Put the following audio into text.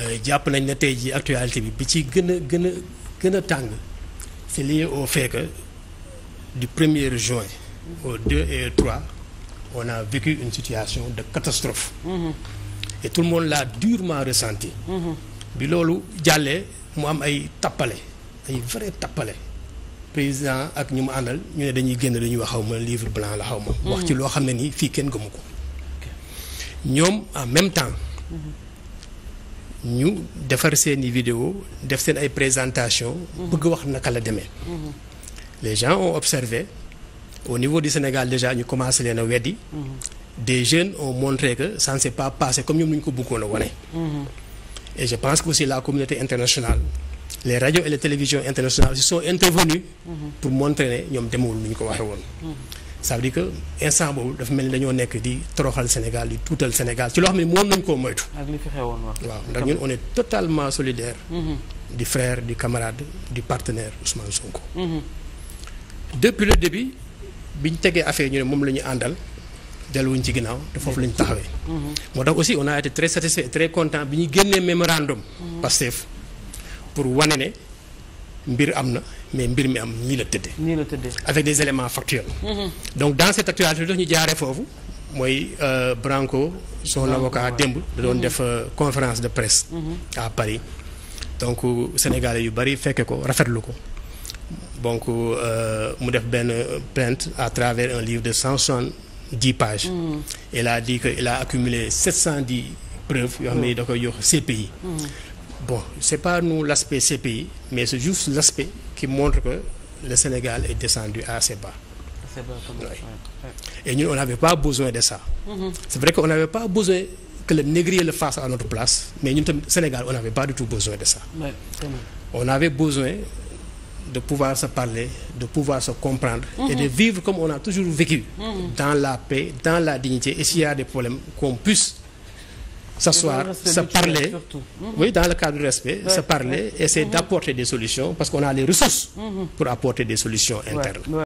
Euh, jàpp nañ ne tey jii actualité bi bi ci gën a gën a gën a tàng c'est lié au fait que du 1 juin au 2 et au 3 on a vécu une situation de catastrophe mm tout le monde durement ressenti mm-hmm. bi loolu jàllee mu am ay tappale ay vrai tappale président ak ñu mu àndal ñu ne dañuy génn dañuy wax xaw ma livre blanc la xaw ma mm-hmm. wax loo xam ne nii fii kenn gëmu ko ñoom en même temps ñu defar seen i vidéo def seen ay présentation bëgg wax naka la demee mm-hmm. les gens ont observé au niveau du Sénégal déjà ñu commencé leen a weddi mm-hmm. des jeunes ont montré que sance ne pas passé comme ñoom ñu ko bëggoon a wone mm-hmm. et je pense que aussi la communauté internationale les radios et les télévisions internationales se sont intervenues pour montrer ne ñoom demewul nu ñu ko waxee woon ça veut que instant boobu dafa mel ni dañoo nekk di toroxal Sénégal di tuutal Sénégal ci loo xam ne moom nañ koo moytu. ak li fi xewoon waaw ndax ñun on est totalement solidaire. Mm-hmm. du frère du camarade du partenaire Ousmane Sonko. Mm-hmm. depuis le bi ñu tegee affaire ñu ne moom la ñu àndal delluwuñ ci ginnaaw te foofu lañu taxawee. Mm-hmm. moo tax aussi on a été très satisfait très content bi ñu génnee mémorandum. Pastef pour wane ne. mbir am na mais mbir mi am nii la tëddee. nii la tëddee avec des éléments factuels. Mm-hmm. donc dans cette actualité dafa ñu jaare foofu mooy euh, Branco son avocat démb. da doon def mm-hmm. euh, conférence de presse. Mm-hmm. à Paris donc euh, sénégalais yu bari fekke ko rafetlu ko. donc mu def benn plainte à travers un livre de cent soixante-dix pages. il a dit que il a accumulé sept cent dix preuves yoo xam ne da koy jox CPI. bon c'est pas nous l'aspect CPI mais c'est juste l'aspect qui montre que le Sénégal est descendu assez bas. Et nous on pas besoin de ça. Mm-hmm. C'est vrai qu'on n'avait pas besoin que le négrier le fasse à notre place mais ñun tamit Sénégal on n'avait pas du tout besoin de ça. on avait besoin de pouvoir se parler de pouvoir se comprendre et de mm-hmm. vivre comme on a toujours vécu mm-hmm. dans la paix dans la dignité et s'il y a qu'on puisse s'asseoir, se parler, surtout. Mm-hmm. oui, dans le cadre du respect, ouais, se parler, ouais. Mm-hmm. d'apporter des solutions, parce qu'on a les ressources mm-hmm. pour apporter des solutions internes.